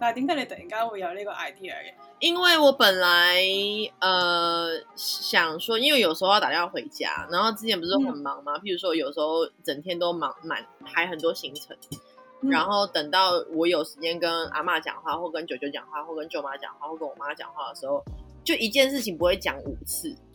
但係點解你突然間會有呢個 idea 嘅？因為我本來，呃想說，因為有時候要打電話回家，然後之前不是很忙嘛，嗯、譬如說，有時候整天都忙滿，排很多行程，嗯、然後等到我有時間跟阿媽講話，或跟舅舅講話，或跟舅媽講話，或跟我媽講話的時候，就一件事情不會講五次。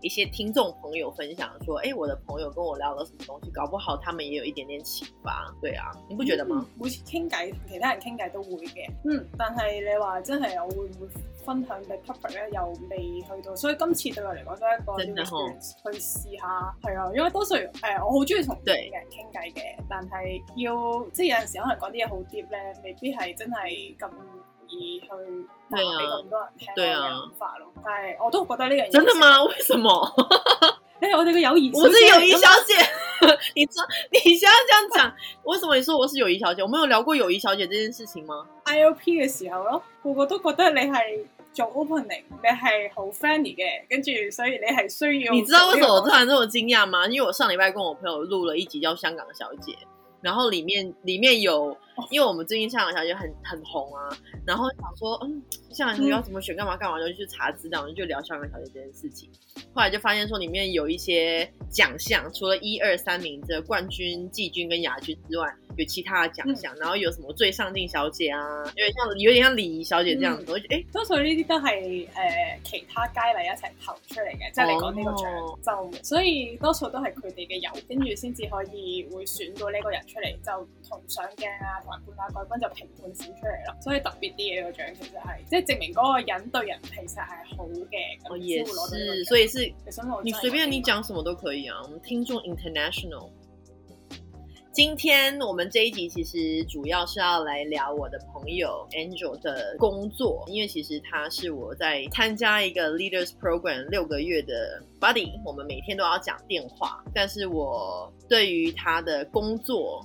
一些聽眾朋友分享說：，誒、欸，我的朋友跟我聊了什麼東西，搞不好他們也有一點點啟發。對啊，你不覺得嗎？嗯、每次傾偈同其他人傾偈都會嘅。嗯，但係你話真係我會唔會分享俾 public 咧？又未去到，所以今次對我嚟講都係一個去試下。係啊，因為多數誒、欸、我好中意同啲人傾偈嘅，對但係要即係有陣時可能講啲嘢好 deep 咧，未必係真係咁。而以去俾咁多人聽嘅諗法咯，係啊、對啊、但係我都覺得呢個人。真的嗎？為什麼？因為、 欸、我哋嘅友誼，我是友誼小姐。你知你想要這樣講， 為什麼你說我是友誼小姐？我們有聊過友誼小姐這件事情嗎？I O P 嘅時候咯，個個都覺得你係做 opening，你係好 friendly 嘅，跟住所以你係需要。你知道為什麼我突然那麼驚訝嗎？因為我上禮拜跟我朋友錄了一集叫《香港小姐》，然後裏面裏面有。因為我們最近香港小姐很很紅啊，然後想說，嗯，香港小姐要怎麼選，幹嘛幹嘛，就去查資料，然後就聊香港小姐這件事情。後來就發現說裏面有一些獎項，除了一二三名的冠軍、季軍跟亞軍之外，有其他的獎項，嗯、然後有什麼最上鏡小姐啊，有點像有點像禮儀小姐這樣子。誒、嗯，欸、多數呢啲都係、呃、其他佳麗一齊投出嚟嘅，即係、哦、你講呢個獎就，所以多數都係佢哋嘅友跟住先至可以會選到呢個人出嚟，就同上鏡啊。判下軍就評判出嚟咯，所以特別啲嘢個獎其實係即係證明嗰個人對人其實係好嘅，我先會所以是，你隨便你講什麼都可以啊。嗯、聽眾 international，今天我們這一集其實主要是要來聊我的朋友 Angel 的工作，因為其實他是我在參加一個 Leaders Program 六個月的 buddy，我們每天都要講電話，但是我對於他的工作。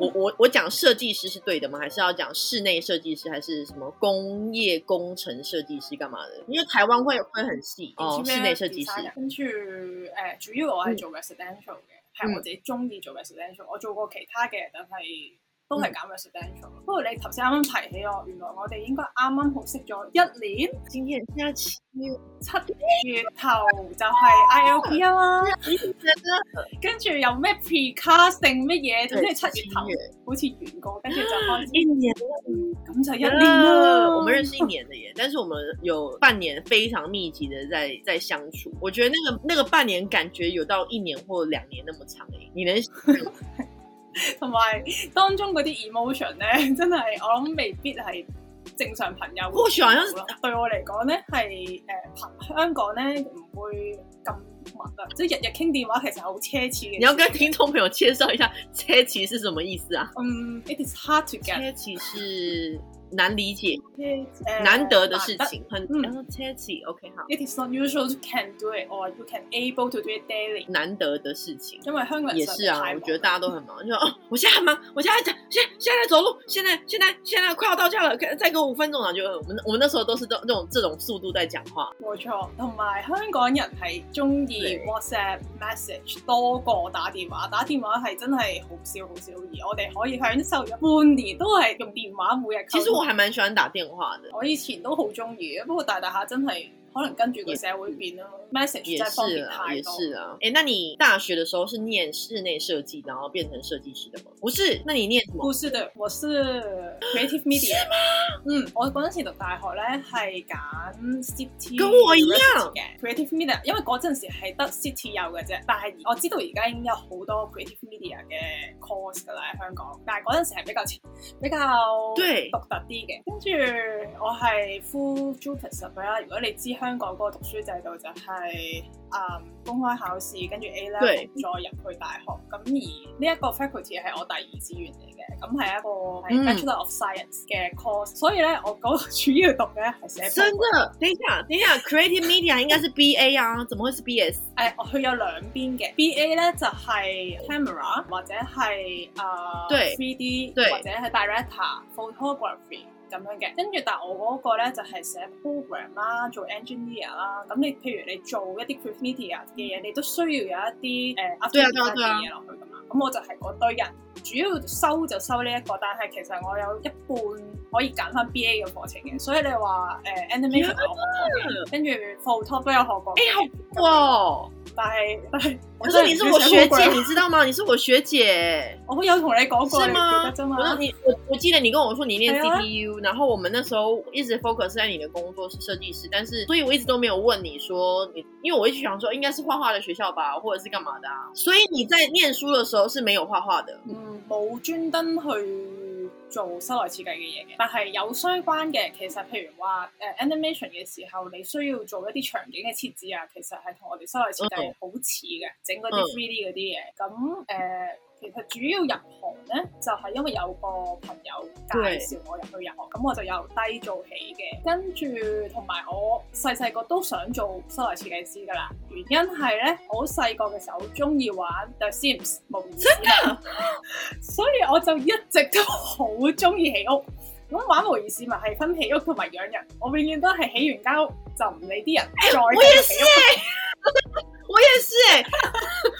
我我我講設計師是對的嗎？還是要講室內設計師，還是什麼工業工程設計師，幹嘛的？因為台灣會分很細、嗯、哦，什室內設計師、啊。跟住誒、呃，主要我係做嘅 residential 嘅，係、嗯、我自己中意做嘅 residential。嗯、我做過其他嘅，但係。都係減 residential 不過你頭先啱啱提起我，原來我哋應該啱啱學識咗一年，一年一千七月頭就係 I L P 啊嘛，跟住又咩 precast 定乜嘢，總之係七月頭，月好似完個，跟住就開始一年，咁、嗯、就一年啦、啊。我們認識一年嘅，耶，但是我們有半年非常密集嘅在在相處，我覺得那個那個半年感覺有到一年或兩年那麼長，你能？ 同埋 當中嗰啲 emotion 咧，真係我諗未必係正常朋友。通常對我嚟講咧係誒，香港咧唔會咁密嘅，即係日日傾電話其實好奢侈嘅。你要跟聽眾朋友介紹一下奢侈是什麼意思啊？嗯，um，it is hard to get。奢侈是。難理解，難得的事情，很難。Tacky，OK，好。It is unusual to can do it or you can able to do it daily。難得的事情，因為香港也是啊。我覺得大家都很忙，你說哦，我現在很忙，我現在現現在走路，現在現在現在快要到家了，再再給我五分鐘啦。就我們我們那時候都是這種這種速度在講話。冇錯，同埋香港人係中意 WhatsApp message 多過打電話，打電話係真係好少好少，而我哋可以享受咗半年都係用電話每日。都係蠻喜歡打電話的，我以前都好中意，不過大大下真係。可能跟住個社會變咯，message 真係方便太多。也是啊，也是啊。誒，那你大學的時候是念室內設計，然後變成設計師的嗎？不是，那你念乜？不是的，我是 creative media。是嗎？嗯，我嗰陣時讀大學咧，係揀 city，跟我一樣。creative media，因為嗰陣時係得 city 有嘅啫。但係我知道而家已經有好多 creative media 嘅 course 噶啦喺香港，但係嗰陣時係比較比較獨特啲嘅。跟住我係 full jupiter 啦，如果你知。香港嗰個讀書制度就係、是嗯、公開考試，跟住 A Level< 對>再入去大學。咁而呢一個 faculty 係我第二志願嚟嘅，咁係一個 Bachelor of Science 嘅 course、嗯。所以咧，我嗰個主要讀嘅係寫真。等陣等陣！Creative Media 應該是 BA 啊， 怎麼會是 BS？誒、哎，佢有兩邊嘅 BA 咧，就係、是、camera 或者係、uh, <對 >3D，對或者係 director photography。咁樣嘅，跟住但係我嗰個咧就係、是、寫 program 啦、er,，做 engineer 啦。咁你譬如你做一啲 quick media 嘅嘢，你都需要有一啲誒 update 嘅嘢落去噶嘛。咁我就係嗰堆人。主要收就收呢、這、一個，但係其實我有一半可以揀翻 BA 嘅課程嘅，所以你話誒 animation 跟住 photo 都有學過，哎好哇但拜我係，可是你是我學姐， 你知道嗎？你是我學姐，我會有同你講過。是嗎？嗎我我？我記得你跟我說你念 CPU， 啊、然後我們那時候一直 focus 在你的工作是設計師，但是所以我一直都沒有問你說你，因為我一直想說應該是畫畫的學校吧，或者是幹嘛的啊？所以你在念書的時候是沒有畫畫的。嗯嗯，冇專登去做室內設計嘅嘢嘅，但係有相關嘅。其實譬如話、呃、animation 嘅時候，你需要做一啲場景嘅設置啊，其實係同我哋室內設計好似嘅，整嗰啲 three D 嗰啲嘢。咁、嗯其實主要入行咧，就係、是、因為有個朋友介紹我入去入行，咁對我就由低做起嘅。跟住同埋我細細個都想做室內設計師噶啦，原因係咧，我細個嘅時候中意玩 The Sims 模擬， 所以我就一直都好中意起屋。咁玩模擬市民係分起屋同埋養人，我永遠都係起完間屋就唔理啲人。再我也是， 我也是。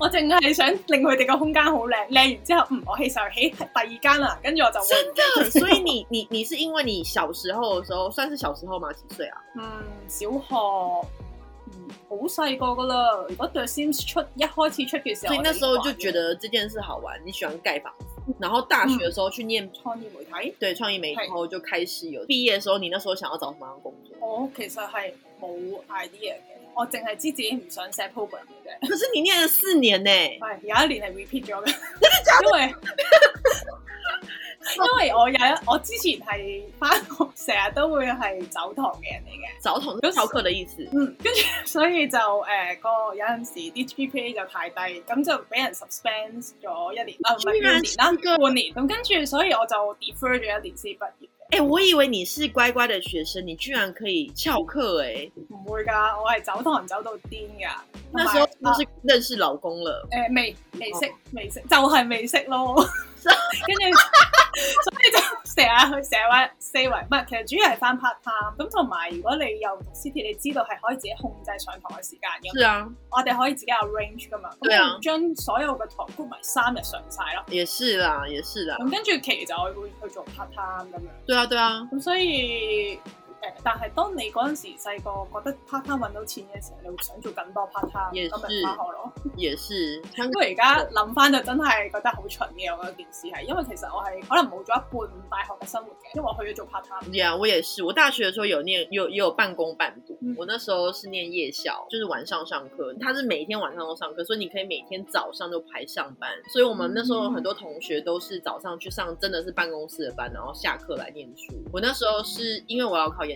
我淨係想令佢哋個空間好靚，靚完之後，嗯，我起上起第二間啦，跟住我就。真所以你你你是因為你小時候嘅時候，算是小時候嘛？幾歲啊？嗯，小學，好細個㗎啦。我對 The Sims 出一開始出嘅時候，所以那時候就覺得這件事好玩，你喜歡蓋房子。然後大學嘅時候去念創意媒體，嗯、對創意媒體，然後就開始有。畢是業嘅時候，你那時候想要找什麼樣工作？我、oh, 其實係冇 idea 嘅。我淨係知自己唔想寫 program 嘅啫。可是你念咗四年呢？係，有一年係 repeat 咗嘅。 因為 因為我有一，我之前係翻學，成日都會係走堂嘅人嚟嘅。走堂都逃課嘅時意思。嗯，跟住所以就誒，嗰、呃、有陣時啲 GPA 就太低，咁就俾人 suspend 咗一年，唔係、啊、一年啦，半年。咁跟住所以我就 defer 咗一年先畢業。誒、欸，我以為你是乖乖的學生，你居然可以翹課誒！唔會㗎，我係走堂走到癲㗎，那時候都是認識老公了。誒、啊，未、呃、未識，未、哦、識，就係、是、未識咯，跟住所以就。成日去，成日四圍，其實主要係返 part time 咁，同埋如果你有讀 city，你知道係可以自己控制上堂嘅時間嘅。係是啊。我哋可以自己 arrange 噶嘛。咁是啊。將所有嘅堂鋪埋三日上曬咯。啊、也是啦，也是啦。咁跟住其實我會去做 part time 咁樣。對啊，對啊。咁所以。但係當你嗰陣時細個覺得 part time 搵到錢嘅時候，你會想做更多 part time，咁咪翻學咯。也是，不過而家諗翻就真係覺得好蠢嘅，我覺得件事係，因為其實我係可能冇咗一半大學嘅生活嘅，因為我去咗做 part time。也、yeah, 我也是，我大學嘅時候有念有有半工半讀，辦公辦公嗯、我那時候是念夜校，就是晚上上課，他是每一天晚上都上課，所以你可以每天早上都排上班，所以我們那時候很多同學都是早上去上，真的是辦公室的班，然後下課來念書。我那時候是因為我要考研。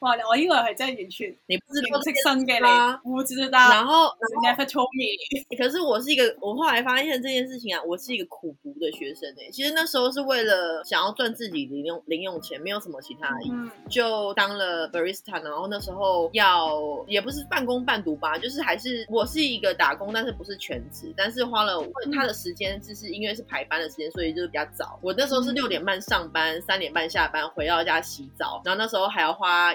我我因為還在系完生的你不知道出不知道。然後 可是我是一個我後來發現這件事情啊，我是一個苦讀的學生呢、欸。其實那時候是為了想要賺自己零用零用錢，沒有什麼其他而已，嗯、就當了 barista。然後那時候要，也不是半工半讀吧，就是還是我是一個打工，但是不是全職，但是花了、嗯、他的時間、就是，只是因為是排班的時間，所以就是比較早。我那時候是六點半上班，三點半下班，回到家洗澡，然後那時候還要花。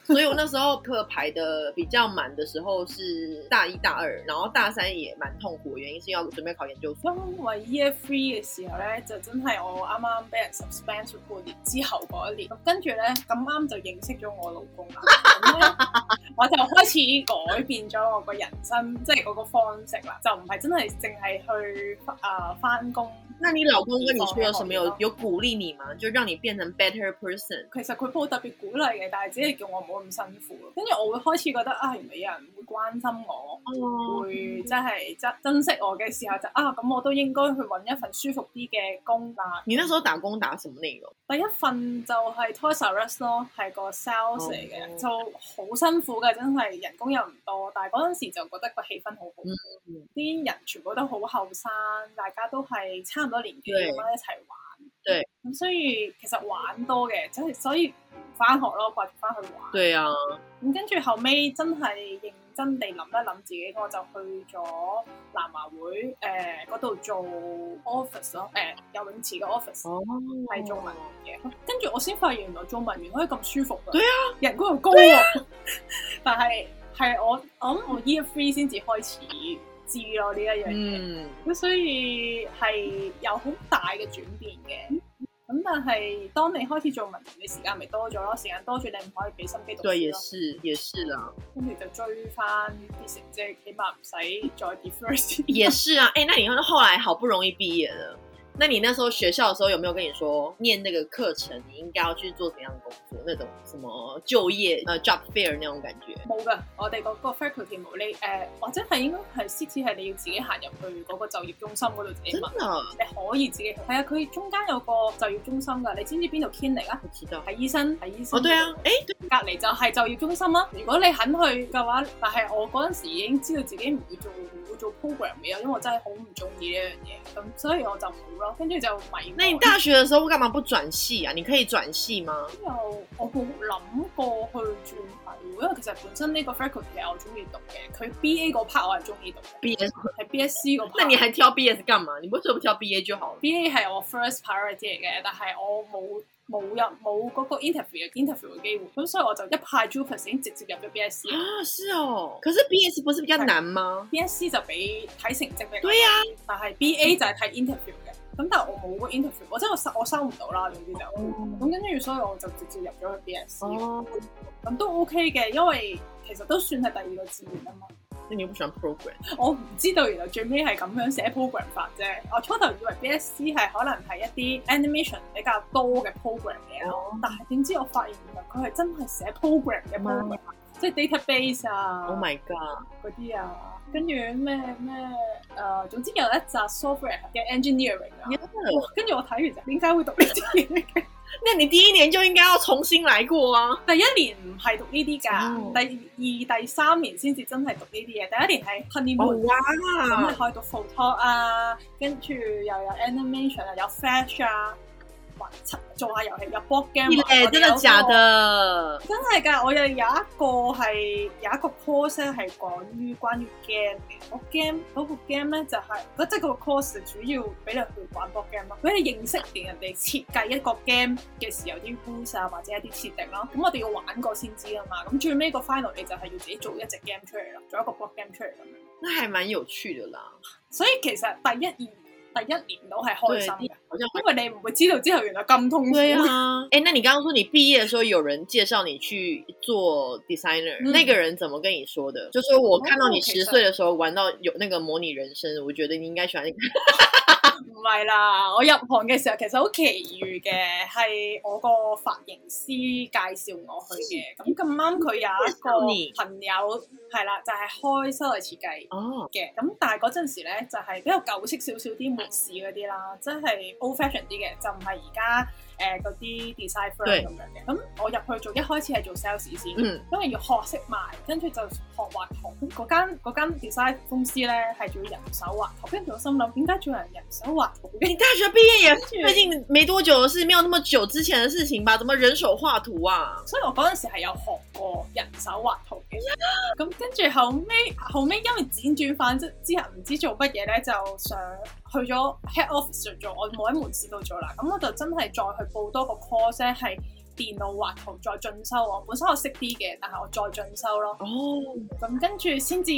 所以我那時候課排得比較滿的時候是大一、大二，然後大三也蠻痛苦，原因是要準備考研究生。咁我 year three 嘅時候咧，就真係我啱啱俾人 suspend 咗半年之後一年，跟住咧咁啱就認識咗我老公啦， 我就開始改變咗我個人生即係我個方式啦，就唔係真係淨係去誒翻工。呃、那你老公跟你說什麼有什麼有有鼓勵你嗎？就讓你變成 better person？ 其實佢冇特別鼓勵嘅，但係只係叫我唔好。咁辛苦，跟住我會開始覺得啊、哎，原來有人會關心我，哦、會真係真珍惜我嘅時候，就啊，咁我都應該去揾一份舒服啲嘅工打。嗯、你嗰時候打工打乜嘢嚟？第一份就係 Toys R Us 咯，係個 sales 嚟嘅，哦、就好辛苦嘅，真係人工又唔多，但係嗰陣時就覺得個氣氛好好，啲、嗯、人全部都好後生，大家都係差唔多年紀咁樣對一齊玩。對，咁所以其實玩多嘅真係所以。翻學咯，掛住翻去玩。對啊。咁跟住後尾真係認真地諗一諗自己，我就去咗南華會誒嗰度做 office 咯、啊，誒游泳池嘅 office，係做文員嘅。跟住我先發現原來做文員可以咁舒服嘅，對啊，人工又高。啊、但係係我 我我 year three 先至開始知咯呢一樣嘢，咁、嗯、所以係有好大嘅轉變嘅。但係，當你開始做文憑嘅時間，咪多咗咯？時間多咗，你唔可以俾心機讀咯。對，也是，也是啦。跟住就追翻啲成績，起碼唔使再 defer。也是啊，誒、欸，那你後來好不容易畢業了。那你那時候學校的時候，有沒有跟你說念那個課程，你應該要去做怎樣的工作？那種什麼就業，呃，job fair 那種感覺？冇嘅，我哋嗰個 faculty 冇你，誒、呃，或者係應該係，甚至係你要自己行入去嗰個就業中心嗰度自己問。真啊的？你可以自己去係啊，佢中間有個就業中心噶，你知唔知邊度 clinic 啊？我知道，係醫生，係醫生。哦，對啊，里誒，隔籬就係就業中心啊。如果你肯去嘅話，但係我嗰陣時已經知道自己唔會做。做 program 嘅，因為我真係好唔鍾意呢樣嘢，咁所以我就唔咯。跟住就咪。那你大學嘅時候，我幹嘛不轉係啊？你可以轉係嗎？有我我冇諗過去轉係，因為其實本身呢個 faculty 我中意讀嘅，佢 B A 個 part 我係中意讀嘅，B S 係 B S C 個。那你還挑 B S 幹嘛？你為什麼不挑 B A 就好了？B A 係我 first priority 嚟嘅，但係我冇。冇入，冇嗰個 interview 嘅 interview 嘅機會，咁所以我就一派 j u m 已經直接入咗 BSC 啊！是哦，可是 BSC 不是比較難嗎？BSC 就比睇成績比對啊，但係 BA 就係睇 interview 嘅，咁但係我冇個 interview，我真係我收我收唔到啦，總之就咁跟住，所以我就直接入咗去 BSC。咁、哦、都 OK 嘅，因為其實都算係第二個志願啊嘛。你要上 program？我唔知道，原來最尾係咁樣寫 program 法啫。我初頭以為 BSC 係可能係一啲 animation 比較多嘅 program 嚟，但係點知我發現原來佢係真係寫 program 嘅嘛，即係 database 啊，Oh my god！嗰啲啊，跟住咩咩誒，總之有一集 software 嘅 engineering 啊，跟住我睇完就點解會讀呢啲嘅？那你第一年就應該要重新嚟過啊！第一年唔係讀呢啲噶，哦、第二、第三年先至真係讀呢啲嘢。第一年係 animation，咁你可以讀 photo 啊，跟住又有 animation，又有 flash 啊。玩做下遊戲，有 board game，的我哋有個真係㗎。我又有一個係有一個 course 係講於關於 game 嘅 board game 嗰個 game 咧就係、是，即、就、係、是、個 course 主要俾你去玩 board game 咯，俾你認識完人哋設計一個 game 嘅時候啲 rules 啊，或者一啲設定咯，咁我哋要玩過先知啊嘛，咁最尾個 final 你就係要自己做一隻 game 出嚟咯，做一個 board game 出嚟咁。係蠻有趣的啦，所以其實第一二，一年都係開心，因為你唔會知道之後原來咁痛苦。對啊，誒，那你剛剛說你畢業的時候有人介紹你去做 designer，嗯、那個人怎麼跟你說的？就說、是、我看到你十歲的時候玩到有那個模擬人生，我覺得你應該喜歡。嗯 唔係啦，我入行嘅時候其實好奇遇嘅，係我個髮型師介紹我去嘅。咁咁啱佢有一個朋友係啦，就係、是、開室內設計嘅。咁、哦、但係嗰陣時咧就係、是、比較舊式少少啲，門市嗰啲啦，真係 old fashion 啲嘅，就唔係而家。誒嗰啲 designer 咁樣嘅，咁我入去做一開始係做 sales 先，因為、嗯、要學識賣，跟住就學畫圖。嗰間嗰間 design 公司咧係做人手畫圖，跟住我心諗點解做人手畫圖的。跟住大學畢業也最近後沒多久，是沒有那麼久之前嘅事情吧？怎麼人手畫圖啊？所以我嗰陣時係有學過人手畫圖嘅，咁跟住後尾，後尾因為輾轉反側之後唔知道做乜嘢咧，就想。去咗 head office 咗，我冇一門市度咗啦，咁我就真係再去報多個 course 咧，係。電腦畫圖再進修，我本身我識啲嘅，但係我再進修咯。哦、oh. 嗯，咁、嗯、跟住先至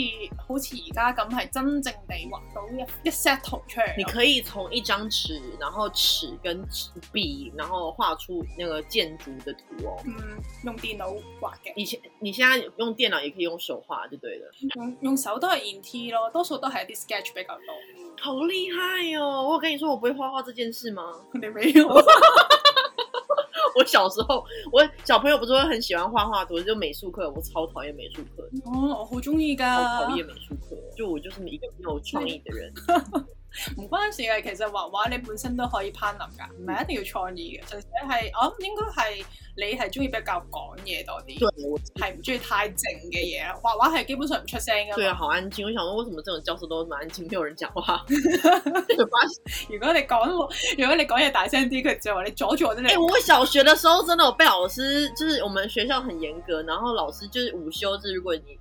好似而家咁，係真正地畫到一。一 set 圖出嚟，你可以從一張紙，然後尺跟筆，然後畫出那個建築的圖哦。嗯，用電腦畫嘅。以前，你現在用電腦也可以用手畫就對了。用、嗯、用手都係 in T 咯，多數都係啲 sketch 比較多。好厲害哦！我跟你說，我不會畫畫這件事嗎？你沒有。 我小時候，我小朋友不是會很喜歡畫畫圖，就美術課，我超討厭美術課。哦，我好中意噶，好討厭美術課，就我就是一個沒有創意的人。是 唔關事嘅，其實畫畫你本身都可以攀林噶，唔係一定要創意嘅。純粹係，我哦，應該係你係中意比較講嘢多啲，係唔中意太靜嘅嘢咯。畫畫係基本上唔出聲嘅。對啊，好安靜。我想問，為什麼這種教室都咁安靜，沒有人講話？如果 如果你講咁，如果你講嘢大聲啲，佢就話你阻住我，真係、欸。我小學的時候，真的我被老師，就是我們學校很嚴格，然後老師就是午休，即、就、係、是、如果你。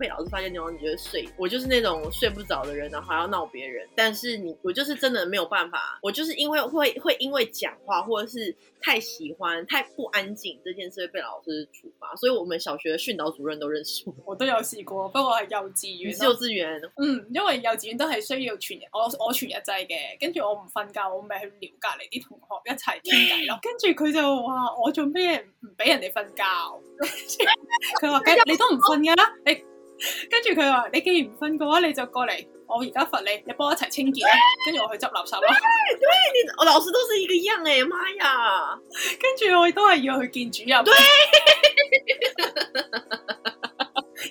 被老師發現之後，你覺得睡？我就是那種睡不着的人，然後還要鬧別人。但是你，我就是真的沒有辦法。我就是因為會會因為講話，或者是太喜歡太不安靜這件事被老師處罰，所以我們小學訓導主任都認識我。我都有試過，不過是幼稚園幼稚園嗯，因為幼稚園都係需要全日，我我全日制嘅，跟住我唔瞓覺，我咪去撩隔籬啲同學一齊傾偈咯。 跟住佢就話我做咩唔俾人哋瞓覺？佢話 說 你都唔瞓噶啦，你。跟住佢話，你既然唔瞓嘅話，你就過嚟。我而家罰你，你幫我一齊清潔啦。對跟住我去執垃圾啦。對咩？我老師都是一個樣嘅，媽呀！跟住我都係要去見主任。對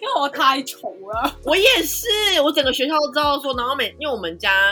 因為我太嘈啦。我也是，我整個學校都知道說，然後每因為我們家，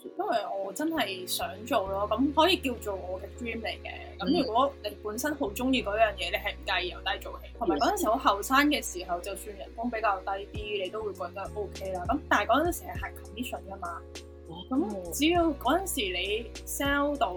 因為我真係想做咯，咁可以叫做我嘅 dream 嚟嘅。咁如果你本身好中意嗰樣嘢，你係唔介意由低做起。同埋嗰陣時好後生嘅時候，就算人工比較低啲，你都會覺得 OK 啦。咁但係嗰陣時係 commission 噶嘛，咁只要嗰陣時你 sell 到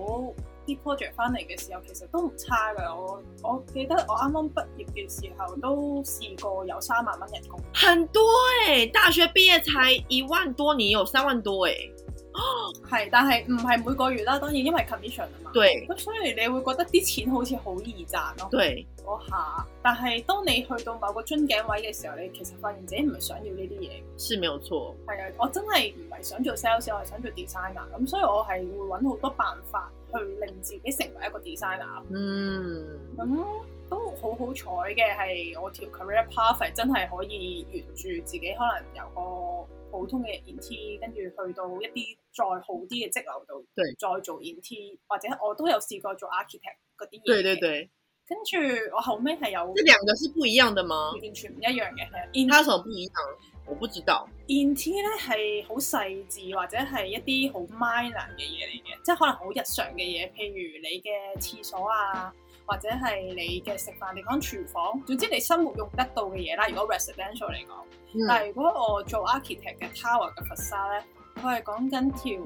啲 project 翻嚟嘅時候，其實都唔差噶。我我記得我啱啱畢業嘅時候都試過有三萬蚊人工，很多誒！大學畢業才二萬多，年，有三萬多誒？哦，係， 但係唔係每個月啦，當然因為 commission 啊嘛。對。咁所以你會覺得啲錢好似好易賺咯，啊。對。嗰下，但係當你去到某個樽頸位嘅時候，你其實發現自己唔係想要呢啲嘢。是沒有錯。係啊，我真係唔係想做 sales，我係想做 designer。咁所以我係會揾好多辦法去令自己成為一個 designer。嗯。咁、嗯。都好好彩嘅，係我條 career path 真係可以沿住自己，可能有個普通嘅 intern，跟住去到一啲再好啲嘅職流度，對再做 intern 或者我都有試過做 architect 嗰啲嘢。對對對，跟住我後尾係有。這兩個是不一樣的嗎？完全唔一樣嘅，其實。佢有什麼不一樣？我不知道。intern 咧係好細緻或者係一啲好 minor 嘅嘢嚟嘅，即係可能好日常嘅嘢，譬如你嘅廁所啊。或者係你嘅食飯地方、廚房，總之你生活用得到嘅嘢啦。如果 residential 嚟講，嗯、但係如果我做 architect 嘅 tower 嘅 facade 呢？佢係講緊條，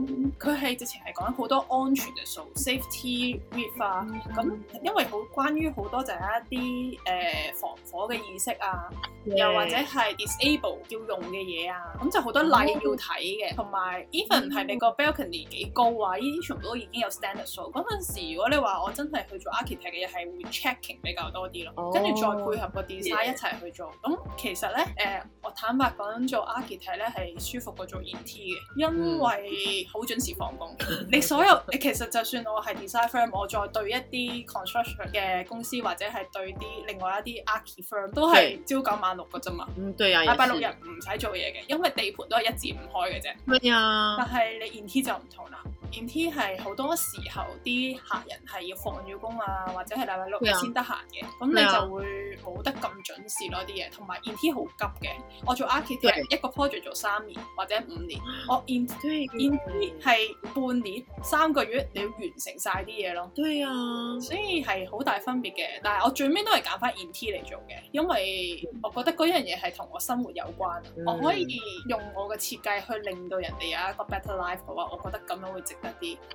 佢係直情係講好多安全嘅數，safety risk 啊。咁因為好關於好多就係一啲、呃、防火嘅意識啊，Yeah. 又或者係 disable 要用嘅嘢啊。咁就好多例要睇嘅，同埋 even 係美國 balcony 幾高啊，依啲、mm hmm. 全部都已經有數 standard 數。嗰、hmm. 陣時如果你話我真係去做 architect 嘅嘢，e 嘅，係會 checking 比較多啲咯。跟住、oh. 再配合個 design 一齊去做。咁 Yeah.、嗯、其實咧、呃、我坦白講做 architect 咧係舒服過做 IT 嘅。因為好準時放工，嗯、你所有你其實就算我係 design firm，我再對一啲 construction 嘅公司或者係對啲另外一啲 archi firm，都係朝九晚六嘅啫嘛。嗯，對啊，禮拜六日唔使做嘢嘅，因為地盤都係一至五開嘅啫。乜啊呀，但係你業績就唔同啦。i n t 係好多時候啲客人係要放咗工啊，或者係禮拜六日先得閒嘅，咁、啊、你就會冇得咁準時囉啲嘢，同埋 i n t 好急嘅。我做 architect 的一個 project 做三年或者五年，啊、我 i n t 的半年三個月你要完成晒啲嘢咯。對啊的，所以係好大分別嘅。但係我最尾都係揀翻 i n t 嚟做嘅，因為我覺得嗰樣嘢係同我生活有關。嗯、我可以用我嘅設計去令到人哋有一個 better life 嘅話我覺得咁樣會值。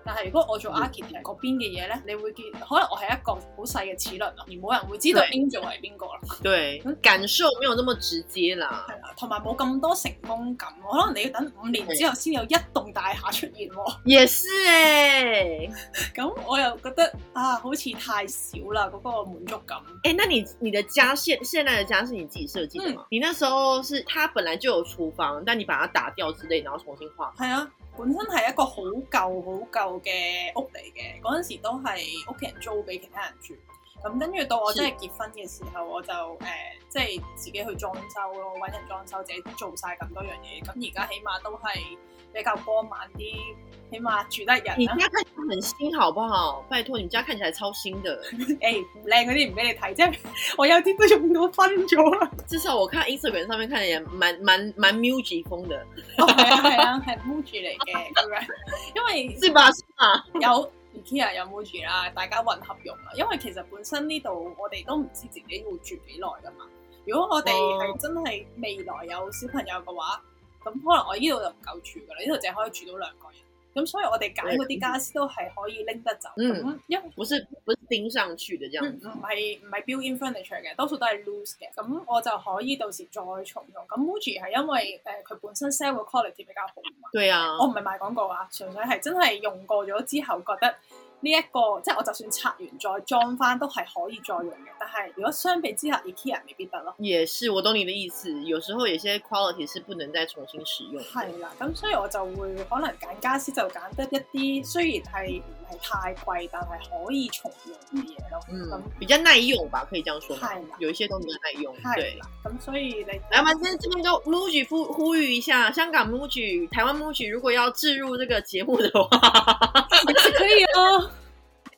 但係如果我做 architect 嗰邊嘅嘢咧，你會見可能我係一個好細嘅齒輪咯，而冇人會知道 Angel 係邊個咯。對，感受沒有那麼直接啦，係啦，同埋冇咁多成功感咯。可能你要等五年之後先有一棟大廈出現，喔。也是、欸，咁 我又覺得啊，好似太少啦嗰個滿足感。誒、欸，那你你的家現現在的家是你自己設計嘅嗎？嗯、你那時候是，它本來就有廚房，但你把它打掉之類，然後重新畫。係啊。本身係一個好舊好舊嘅屋嚟嘅，嗰陣時都係屋企人租俾其他人住。咁跟住到我真係結婚嘅時候，我就誒、呃、即係自己去裝修咯，搵人裝修，自己都做晒咁多樣嘢。咁而家起碼都係。比較光猛啲，起碼住得人，啊。你家睇起很新，好不好？拜託，你家看起來超新的。誒、 欸，靚嗰啲唔俾你睇啫，即我有啲都用到分咗啦。至少我看 Instagram 上面，看起來蠻蠻蠻 MUJI 風嘅。係啊係啊，係 MUJI 嚟嘅，咁 因為即係話有 IKEA，有 MUJI 啦，大家混合用啦。因為其實本身呢度我哋都唔知自己會住幾耐噶嘛。如果我哋係真係未來有小朋友嘅話。哦。咁可能我呢度就唔夠住噶啦，呢度淨係可以住到兩個人。咁所以我哋揀嗰啲家私都係可以拎得走。咁、嗯、因為本身頂上住嘅啫，唔係唔係 built-in furniture 嘅，多數都係 loose 嘅。咁我就可以到時再重用。咁 Muji 係因為佢、呃、本身 sell 嘅 quality 比較好嘛。對啊。我唔係賣廣告啊，純粹係真係用過咗之後覺得。呢一、這個即係我就算拆完再裝翻都係可以再用嘅，但係如果相比之下，IKEA 未必得咯。也是我懂你的意思，有時候有些 quality 是不能再重新使用的。係啦，咁所以我就會可能揀家私就揀得一啲雖然係唔係太貴，但係可以重用嘅嘢咯。嗯，那比較耐用吧，可以咁樣講。係啦，有一些都比較耐用。係啦，咁對所以你嚟緊先，呢邊就 MUJI 呼呼籲一下香港 MUJI、台灣 MUJI，如果要置入呢個節目嘅話， 可以哦、啊。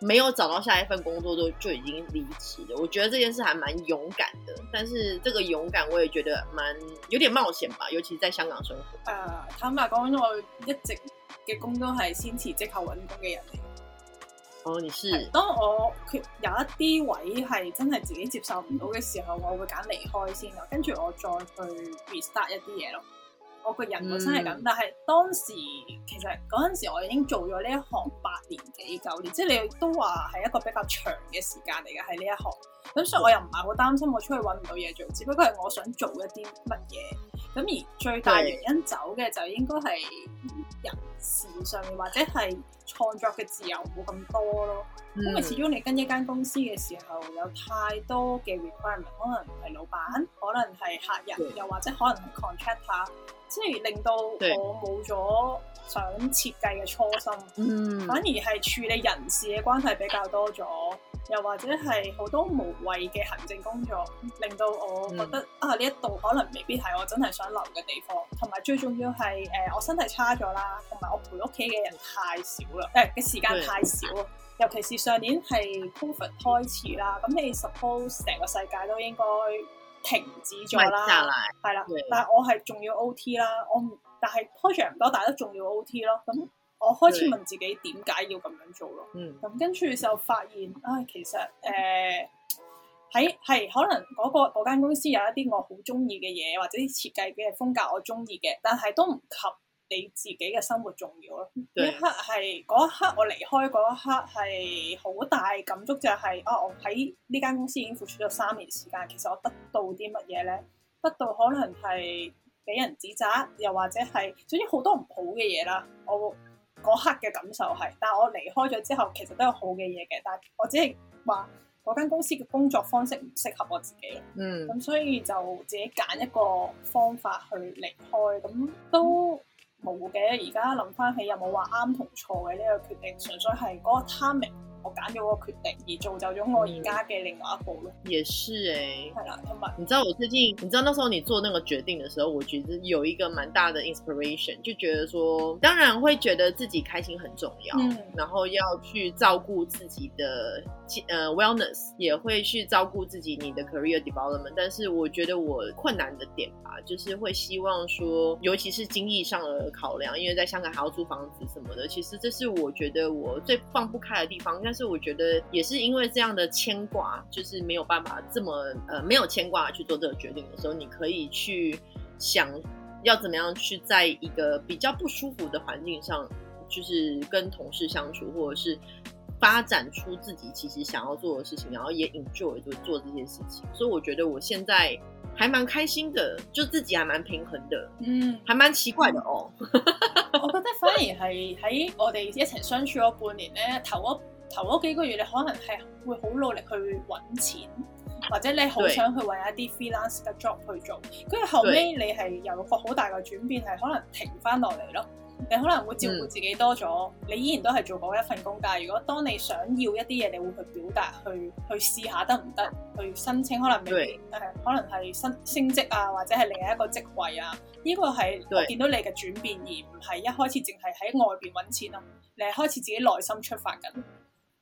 沒有找到下一份工作就已經離職了。我覺得這件事還蠻勇敢的，但是這個勇敢我也覺得蠻有點冒險吧，尤其是在香港生活。呃，uh, 坦白講，我一直嘅工作係先辭職後揾工嘅人嚟。哦、oh,，你是？當我有一啲位係真係自己接受唔到嘅時候，我會揀離開先咯，跟住我再去 restart 一啲嘢咯。我個人本身係咁，嗯，但係當時其實嗰陣時我已經做咗呢一行八年幾九年，即係你都話係一個比較長嘅時間嚟嘅喺呢一行，咁所以我又唔係好擔心我出去揾唔到嘢做，只不過係我想做一啲乜嘢，咁而最大原因走嘅就應該係人。事上面或者係創作嘅自由冇咁多咯，嗯、因為始終你跟一間公司嘅時候有太多嘅 requirements，可能係老闆，可能係客人，對又或者可能 contractor，即係令到我冇咗想設計嘅初心，嗯、反而係處理人事嘅關係比較多咗，又或者係好多無謂嘅行政工作，令到我覺得、嗯、啊呢一度可能未必係我真係想留嘅地方，同埋最重要係、呃、我身體差咗啦，同埋。我陪屋企嘅人太少啦，誒、哎、嘅時間太少啊，的尤其是上年係 COVID 開始啦，咁你 suppose 成個世界都應該停止咗啦，係啦，但係我係仲要 OT 啦，我唔，但係 project 唔多，但係都仲要 OT 咯，咁我開始問自己點解要咁樣做咯，咁的跟住就發現，唉、哎，其實誒喺係可能嗰、那個間公司有一啲我好中意嘅嘢，或者啲設計嘅風格我中意嘅，但係都唔及。你自己嘅生活重要咯。對嗰一刻係嗰一刻，我離開嗰一刻係好大感觸，就係，就、啊、係我喺呢間公司已經付出咗三年時間，其實我得到啲乜嘢咧？得到可能係俾人指責，又或者係總之好多唔好嘅嘢啦。我嗰刻嘅感受係，但係我離開咗之後，其實都有好嘅嘢嘅。但係我只係話嗰間公司嘅工作方式唔適合我自己嗯，咁所以就自己揀一個方法去離開，咁都。嗯冇嘅，而家諗翻起有冇話啱同錯嘅呢個決定，純粹係嗰個 timing。揀咗個決定而做就咗我而家嘅另外一步咯、嗯。也是哎、欸、對了，你知道我最近，你知道那時候你做那個決定的時候，我覺得有一個蠻大的 inspiration，就覺得說，當然會覺得自己開心很重要，嗯、然後要去照顧自己的、uh, wellness 也會去照顧自己，你的 career development。但是我覺得我困難的點吧，就是會希望說，尤其是經濟上的考量，因為在香港還要租房子什麼的，其實這是我覺得我最放不開的地方。是我覺得也是因為這樣的牽掛，就是沒有辦法這麼呃沒有牽掛去做這個決定的時候，你可以去想要怎麼樣去在一個比較不舒服的環境上，就是跟同事相處，或者是發展出自己其實想要做的事情，然後也 enjoy 就做這些事情。所以我覺得我現在還蠻開心的，就自己還蠻平衡的，嗯，還蠻奇怪的哦。 我覺得反而係喺我哋一起相處咗半年呢頭頭嗰幾個月你可能係會好努力去揾錢，或者你好想去揾一啲 freelance 嘅 job 對去做。跟住後尾你係有個好大嘅轉變，係可能停翻落嚟咯。你可能會照顧自己多咗，嗯、你依然都係做嗰一份工。但係如果當你想要一啲嘢，你會去表達，去去試下得唔得，去申請可能誒，可能係升對升職啊，或者係另一一個職位啊。呢、呢個係我見到你嘅轉變，而唔係一開始淨係喺外面揾錢咯、啊。你係開始自己內心出發緊。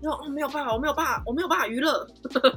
你話我沒有辦，我沒有辦法，我沒有辦法娛樂。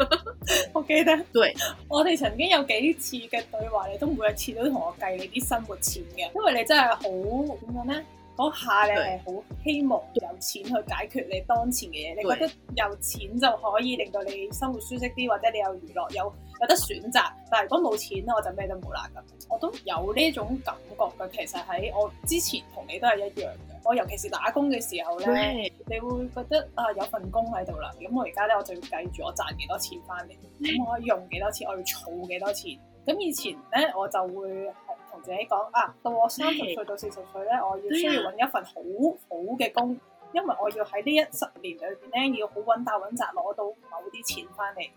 我記得，對，我哋曾經有幾次嘅對話，你都每一次都同我計你啲生活錢嘅，因為你真係好點講咧，嗰下你係好希望有錢去解決你當前嘅嘢，對你覺得有錢就可以令到你生活舒適啲，或者你有娛樂有。有得選擇，但係如果冇錢咧，我就咩都冇啦咁。我都有呢種感覺嘅，其實喺我之前同你都係一樣嘅。我尤其是打工嘅時候咧，的你會覺得啊，有份工喺度啦，咁我而家咧，我就要計住我賺幾多錢翻嚟，我可以用幾多錢，我要儲幾多錢。咁以前咧，我就會同自己講啊，到我三十歲到四十歲咧，我要需要揾一份好好嘅工，因為我要喺呢一十年裏邊咧，要好穩打穩紮攞到某啲錢翻嚟。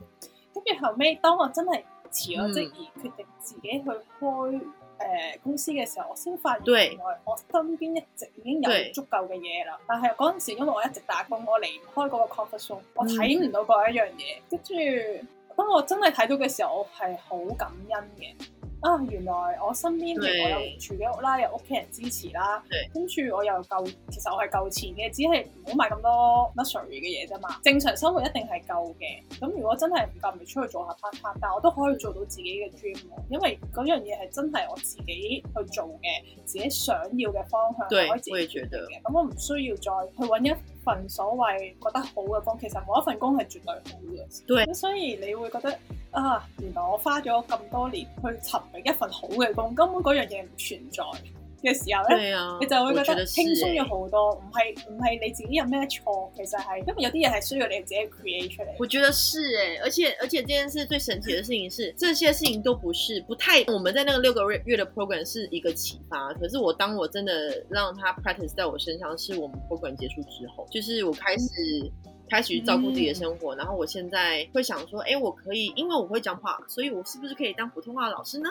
跟住後尾，當我真係辭咗職而決定自己去開誒、呃、公司嘅時候，我先發現原來我身邊一直已經有足夠嘅嘢啦。對但係嗰陣時，因為我一直打工，我離唔開嗰個 comfort zone，我睇唔到嗰一樣嘢。跟住、嗯、當我真係睇到嘅時候，我係好感恩嘅。啊，原來我身邊嘅我有住嘅屋啦，對有屋企人支持啦，跟住對我又夠，其實我係夠錢嘅，只係唔好買咁多 luxury 嘅嘢啫嘛。正常生活一定係夠嘅。咁如果真係唔夠咪出去做下 part time，但我都可以做到自己嘅 dream，因為嗰樣嘢係真係我自己去做嘅，自己想要嘅方向，我對可以自己去做嘅。咁對我唔需要再去揾一份所謂覺得好嘅工，其實冇一份工係絕對好嘅。咁對所以你會覺得啊，原來我花咗咁多年去尋覓一份好嘅工，根本嗰樣嘢唔存在。嘅時候呢，啊、你就會覺得輕鬆咗好多，唔係唔係你自己有咩錯，其實係因為有啲嘢係需要你自己 create 出嚟。我覺得是誒、欸，而且而且，這件事最神奇的事情是，這些事情都不是不太，我們在那個六個月的 program 是一個啟發。可是我當我真的讓他 practice 在我身上，是我們 program 結束之後，就是我開始、嗯、開始照顧自己的生活。然後我現在會想說，哎、欸，我可以因為我會講話，所以我是不是可以當普通話的老師呢？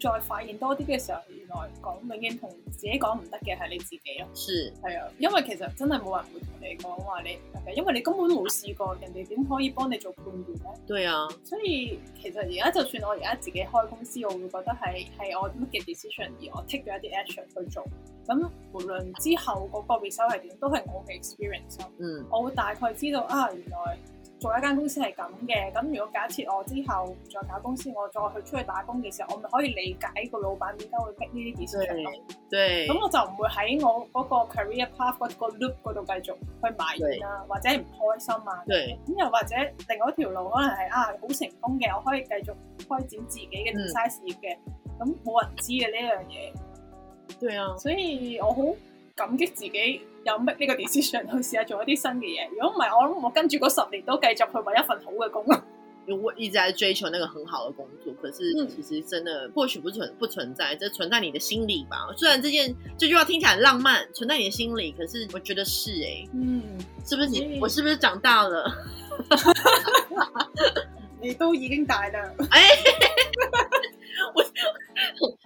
再發現多啲嘅時候，原來講永遠同自己講唔得嘅係你自己咯。係是啊，因為其實真係冇人會同你講話你，因為你根本冇試過，人哋點可以幫你做判斷咧？對啊，所以其實而家就算我而家自己開公司，我會覺得係係對我乜嘅 decision 而我 take 咗一啲 action 去做。咁無論之後嗰個 result 係點，都係我嘅 experience 咯。嗯，我會大概知道啊，原來。做一間公司係咁嘅，咁如果假設我之後再搞公司，我再去出去打工嘅時候，我咪可以理解個老闆點解會逼呢啲嘅事出嚟。對，咁我就唔會喺我嗰個 career path 嗰個 loop 嗰度繼續去埋怨啦，對或者唔開心啊。對，咁又或者另外一條路，可能係對啊好成功嘅，我可以繼續開展自己嘅 size 事業嘅。咁冇、嗯、人知嘅呢樣嘢。對啊，所以我好。感激自己有 make 呢個 decision 去試下做一啲新嘅嘢，如果唔係，我諗我跟住嗰十年都繼續去揾一份好嘅工咯。我一直喺追求那個很好的工作，可是其實真的或許、嗯、不存不存在，就存在你的心裏吧。雖然這件這句話聽起來很浪漫，存在你嘅心裏，可是我覺得是誒、欸，嗯，是不是你 Yeah. 我？是不是長大了？ 你都已經大啦，哎 我。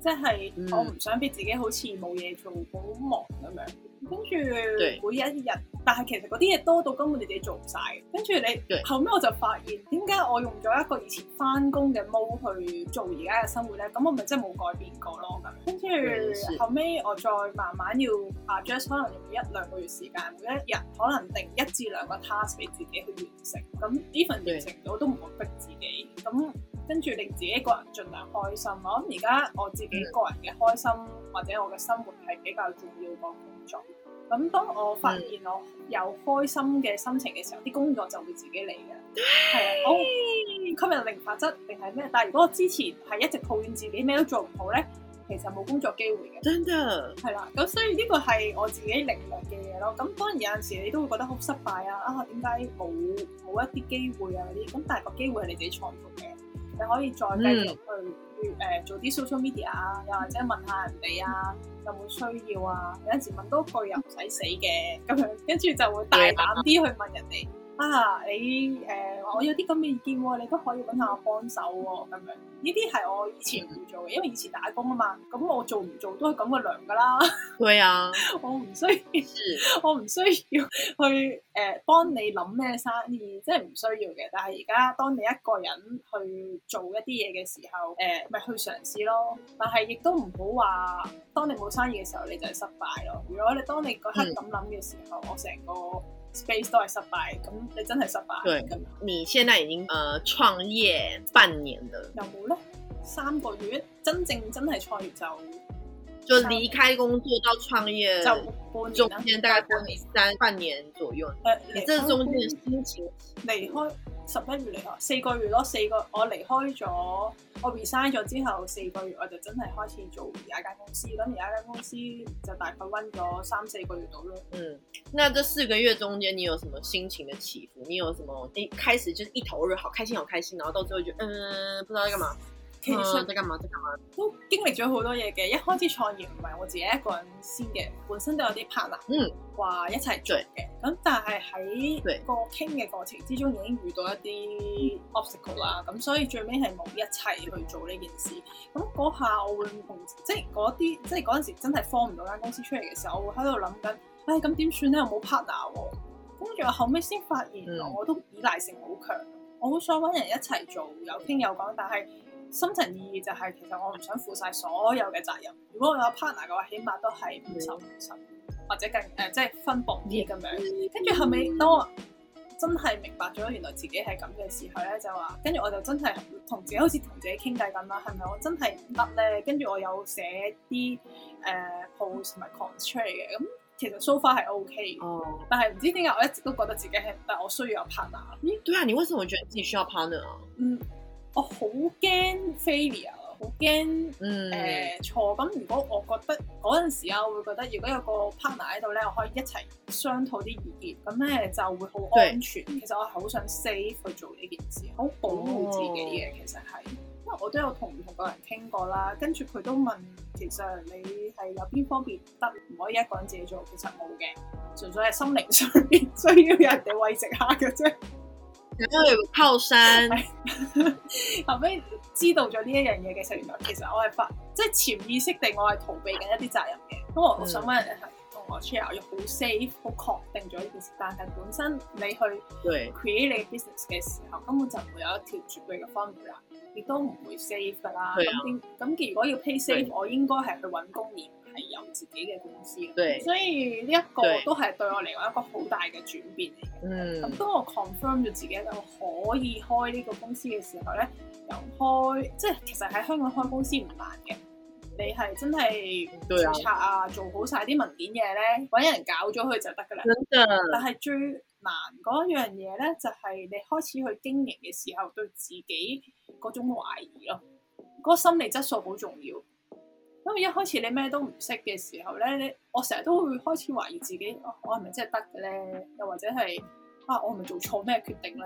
即係我唔想俾自己好似冇嘢做，好忙咁樣。跟住每一日，對但係其實嗰啲嘢多到根本你自己做唔晒。跟住你對後尾，我就發現點解我用咗一個以前翻工嘅模去做而家嘅生活咧？咁我咪真係冇改變過咯。咁跟住後尾，我再慢慢要 adjust，可能用一兩個月時間，每一日可能定一至兩個 task 俾自己去完成。咁 even 完成到對都唔會逼自己。咁跟住令自己個人儘量開心。我諗而家我自己個人嘅開心、嗯、或者我嘅生活係比較重要過。咁當我發現我有開心嘅心情嘅時候，啲、嗯、工作就會自己嚟嘅，係啊， 好、哦！吸引力法則定係咩？但係如果我之前係一直抱怨自己咩都做唔好咧，其實冇工作機會嘅，真㗎的。係啦，咁所以呢個係我自己力量嘅嘢咯。咁當然有陣時候你都會覺得好失敗啊！啊，點解冇冇一啲機會啊嗰啲？咁但係個機會係你自己創造嘅，你可以再繼續去。嗯誒做啲 social media 啊，又或者問下人哋啊，嗯、有冇需要啊？有陣時問多句又唔使死嘅，咁樣跟住就會大膽啲去問人哋。啊！你誒、呃，我有啲咁嘅意見喎，你都可以揾下我幫手喎，咁樣呢啲係我以前唔會做嘅，因為以前打工啊嘛，咁我做唔做都係咁嘅糧㗎啦。對啊，我唔需要，是我唔需要去誒、呃、幫你諗咩生意，即係唔需要嘅。但係而家當你一個人去做一啲嘢嘅時候，誒、呃、咪去嘗試咯。但係亦都唔好話，當你冇生意嘅時候你就係失敗咯。如果你當你嗰刻咁諗嘅時候，嗯、我成個。space 都係失敗，咁你真係失敗。對，是是你現在已經，呃，創業半年了。有冇咧？三個月，真正真係創業就就離開工作到創業就半年，中間大概半你三半年左右。你中間心情離開。十一月嚟咯，四個月咯，四個我離開咗，我 resign 咗之後四個月，我就真係開始做而家間公司，咁而家間公司就大概温咗三四個月度咯。嗯，那這四個月中間你有什麼心情的起伏？你有什麼？一、欸、開始就是一頭熱，好開心，好開心，然後到最後就，嗯，不知道要幹嘛。即咁即咁都經歷咗好多嘢嘅。一開始創業唔係我自己一個人先嘅，本身都有啲 partner，話一齊做嘅。咁、嗯、但係喺個傾嘅過程之中已經遇到一啲 obstacle 啦。咁、嗯、所以最尾係冇一齊去做呢件事。咁嗰下我會即係嗰啲即係嗰陣時真係放唔到間公司出嚟嘅時候，我會喺度諗緊，唉咁點算咧？我冇 partner，跟住後尾先發現我都依賴性好強，嗯、我好想搵人一齊做，有傾有講，但係。深層意義就係其實我唔想負晒所有嘅責任。如果我有 partner 嘅話，起碼都係五五分，或者更誒、呃、即係分薄啲咁樣。跟住後尾，當我真係明白咗原來自己係咁嘅時候咧，就話跟住我就真係同自己好似同自己傾偈咁啦。係咪我真係唔得咧？跟住我有寫啲誒 post 同埋 contract 嘅。咁、呃嗯、其實 so far 係 OK，哦，但係唔知點解我一直都覺得自己係但我需要有 partner。咦，對啊，你為什麼會覺得自己需要 partner 啊？嗯。我好驚 failure，好驚誒錯。咁、嗯呃、如果我覺得嗰陣時啊，我會覺得如果有個 partner 喺度咧，我可以一齊商討啲意見，咁咧就會好安全。對其實我係好想 save 去做呢件事，好保護自己嘅。哦、其實係，因為我都有同唔同個人傾過啦，跟住佢都問，其實你係有邊方面得唔可以一個人自己做？其實冇嘅，純粹係心靈上邊需要有人哋慰藉下嘅啫。 因為靠山， 後尾知道咗呢一樣嘢，其實原來其實我係發，即係潛意識地我係逃避緊一啲責任嘅。咁我我想問，同、嗯、我 share 我又好 safe，好確定咗呢件事。但係本身你去 create 你 business 嘅時候，對根本就唔會有一條絕對嘅方法，亦都唔會 safe 噶啦。咁點？咁對如果要 pay safe，對我應該係去揾工。有自己嘅公司，對所以呢一個都係對我嚟講一個好大嘅轉變嚟嘅。咁、嗯、當我 confirm 咗自己就可以開呢個公司嘅時候咧，又開即係其實喺香港開公司唔難嘅，你係真係注冊啊，對做好晒啲文件嘢咧，搵人搞咗佢就得噶啦。的但係最難嗰樣嘢咧，就係、是、你開始去經營嘅時候，對自己嗰種懷疑咯，嗰、那個心理質素好重要。因為一開始你咩都唔識嘅時候咧，我成日都會開始懷疑自己，啊、我係咪真係得嘅咧？又或者係啊，我係咪做錯咩決定咧？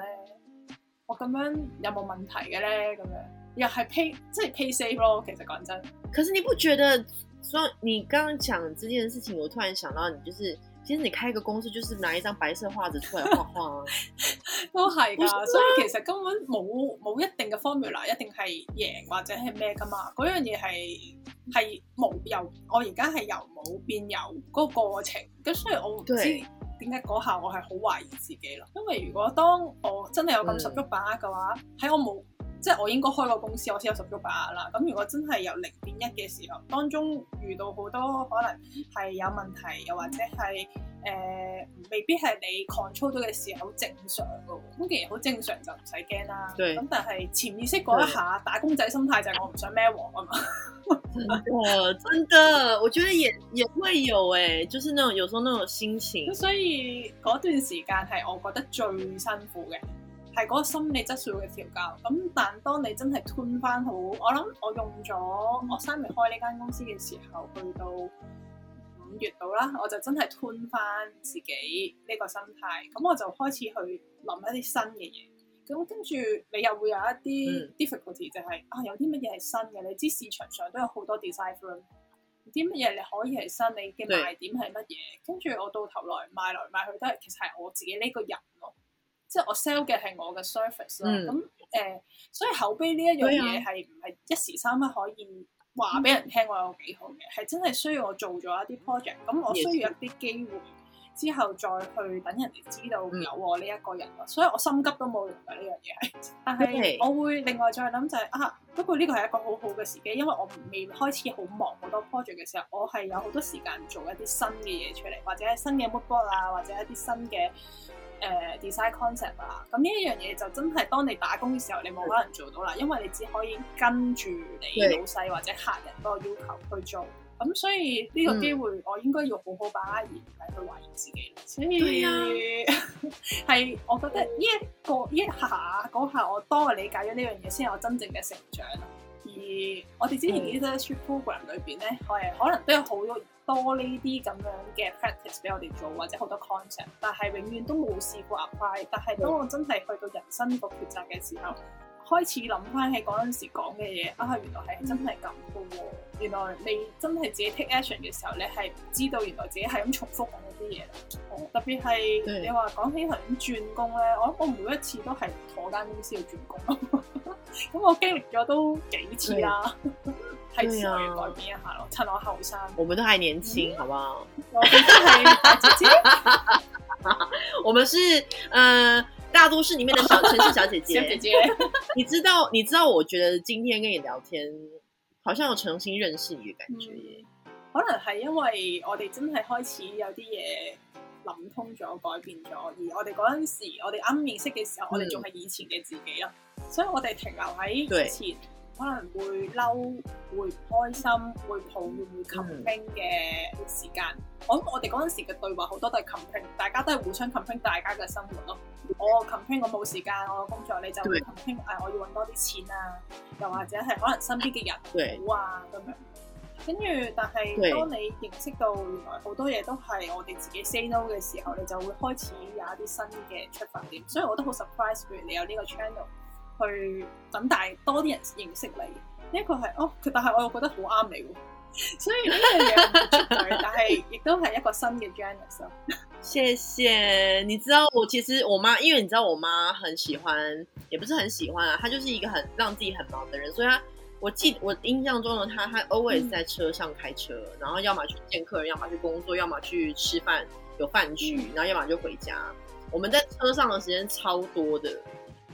我咁樣有冇問題嘅咧？咁樣又係 pay 即係 pay save 咯。其實講真，可是你不覺得？所以你剛剛講這件事情，我突然想到你就是。其實你開一個公司，就是拿一張白色畫紙出來畫畫，啊， 都係噶的。所以其實根本冇冇一定嘅 formula，一定係贏或者係咩噶嘛。嗰樣嘢係係冇由，我而家係由冇變有嗰個過程。咁所以我唔知點解嗰下我係好懷疑自己啦。因為如果當我真係有咁十足把握嘅話，喺對我冇。即係我應該開個公司，我先有十足把握啦。咁如果真係有零變一嘅時候，當中遇到好多可能係有問題，又或者係、呃、未必係你 control 到嘅時候好正常嘅。咁其實好正常就唔使驚啦。咁對但係潛意識嗰一下對打工仔心態就係我唔想孭黃啊嘛。真得真得我覺得也也會有誒，就是嗱，有時候那種心情。所以嗰段時間係我覺得最辛苦嘅。係嗰個心理質素嘅調教，咁但係當你真係吞翻好，我諗我用咗我三月開呢間公司嘅時候，去到五月度啦，我就真係吞翻自己呢個心態，咁我就開始去諗一啲新嘅嘢，咁跟住你又會有一啲 difficult 就係、是、啊有啲乜嘢係新嘅，你知市場上都有好多 designer，啲乜嘢你可以係新，你嘅賣點係乜嘢，跟住對我到頭來賣來賣去都係其實係我自己呢個人咯。即係我 sell 嘅係我嘅 service 咯，咁誒、呃，所以口碑呢一樣嘢係唔係一時三刻可以話俾人聽我有幾好嘅，係、嗯、真係需要我做咗一啲 project，咁我需要一啲機會之後再去等人哋知道有我呢一個人、嗯、所以我心急都冇用嘅呢樣嘢係。但係我會另外再諗就係、是、啊，不過呢個係一個好好嘅時機，因為我未開始好忙好多 project 嘅時候，我係有好多時間做一啲新嘅嘢出嚟，或者係新嘅 moodboard 啊，或者一啲新嘅。Uh, design concept 啊，咁呢一樣嘢就真係當你打工嘅時候，你冇可能做到啦，的因為你只可以跟住你老細或者客人嗰個要求去做。咁的所以呢個機會，我應該要好好把握，而唔係去懷疑自己。的所以係的， 我覺得呢一個、嗯、一下嗰下，我當我理解咗呢樣嘢，先係我真正嘅成長。而我哋之前呢個 program 裏邊咧，誒可能都有好多，多呢啲咁樣嘅 practice 俾我哋做，或者好多 concept，但係永遠都冇試過 apply。但係當我真係去到人生個抉擇嘅時候，對 開始諗翻起嗰陣時講嘅嘢，啊，原來係真係咁噶喎！嗯、原來你真係自己 take action 嘅時候，你係唔知道原來自己係咁重複緊嗰啲嘢啦。特別係對 你話講起頭先轉工咧，我我每一次都係坐間公司要轉工，咁 我經歷咗都幾次啦。對 太早改變一下囉，啊、趁我後生，我們都還年輕，嗯、好不好？我們是嗯、 呃，大都市裏面的小城市小姐姐、小姐姐， 你知道？你知道？我覺得今天跟你聊天，好像我重新認識你嘅感覺、嗯、可能係因為我哋真係開始有啲嘢諗通咗，改變咗，而我哋嗰陣時，我哋啱認識嘅時候，我哋仲係以前嘅自己咯。嗯、所以我哋停留喺以前。對可能會嬲，會唔開心，會抱怨，會 complain 嘅時間。我諗我哋嗰陣時嘅對話好多都係 complain，大家都係互相 complain 大家嘅生活咯。我 complain 我冇時間，我工作你就會 complain，誒我要揾多啲錢啊，又或者係可能身邊嘅人好啊咁樣。跟住，但係當你認識到原來好多嘢都係我哋自己 say no 嘅時候，你就會開始有一啲新嘅出發點。所以我都好 surprise，譬如你有呢個 channel。去等大多啲人認識你，呢個係哦，佢但係我又覺得好啱你，所以呢樣嘢出嚟， 但係亦都係一個新嘅 challenge 謝謝，你知道我其實我媽，因為你知道我媽很喜歡，也不是很喜歡啊，她就是一個很讓自己很忙的人，所以她，我記我印象中的她，她 always 在車上開車，嗯、然後要麼去見客人，要麼去工作，要麼去吃飯有飯局，嗯、然後要麼就回家。我們在車上的時間超多的。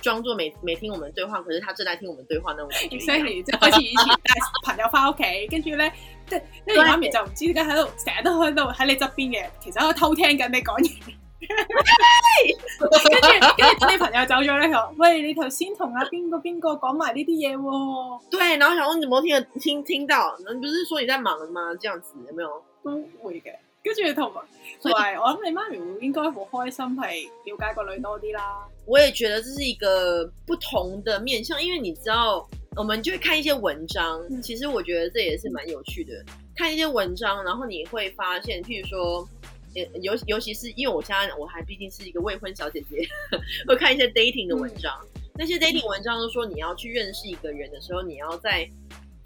裝作沒沒聽我們的對話，可是他正在聽我們的對話。呢我亦都、exactly，就好似以前帶朋友翻屋企， 跟住咧，即係咧，媽咪就唔知，點解喺度成日都喺度喺你側邊嘅，其實喺度偷聽緊你講嘢。 跟住跟住啲朋友走咗咧，喂你頭先同阿邊個邊個講埋呢啲嘢喎？對，然後想問你冇聽聽聽到？你不是說你在忙嗎？這樣子有冇有？都會嘅。跟住你同，所以，我諗你媽咪應該好開心，係了解個女多啲啦。我也覺得這是一個不同的面向，因為你知道，我們就會看一些文章。其實我覺得這也是蠻有趣的，嗯、看一些文章，然後你會發現，譬如說，尤尤其是因為我現在我還畢竟是一個未婚小姐姐，會看一些 dating 的文章。嗯、那些 dating 文章都說你要去認識一個人的時候，你要在。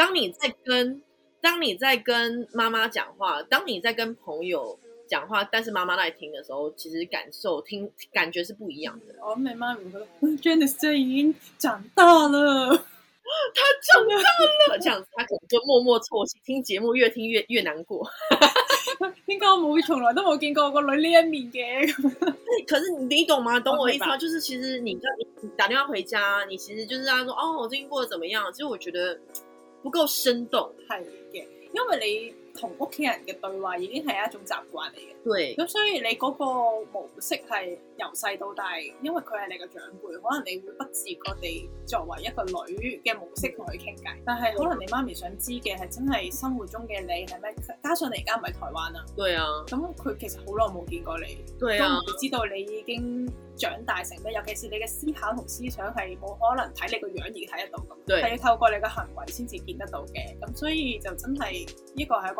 當你在跟當你在跟媽媽講話，當你在跟朋友講話，但是媽媽在聽的時候，其實感受聽感覺是不一樣的。哦，my mom？我覺得你現在已經長大了，他長大了，這樣他可能就默默啜泣，聽節目越聽越越難過。應該我冇從來都冇見過我個女呢一面嘅。 可是你，你懂嗎？懂我意思嗎？Okay、吧就是其實你叫你，你打電話回家，你其實就是讓他說哦，我最近過得怎麼樣？其實我覺得。不夠生動，太明顯，因為你。同屋企人嘅對話已經係一種習慣嚟嘅，咁對所以你嗰個模式係由細到大，因為佢係你嘅長輩，可能你會不自覺地作為一個女嘅模式同佢傾偈，但係可能你媽咪想知嘅係真係生活中嘅你係咩，加上你而家唔係台灣，對啊，咁佢其實好耐冇見過你，對啊，都唔知道你已經長大成咩，尤其是你嘅思考同思想係冇可能睇你個樣而睇得到咁，係要對透過你嘅行為先至見得到嘅，咁所以就真係呢個。係一個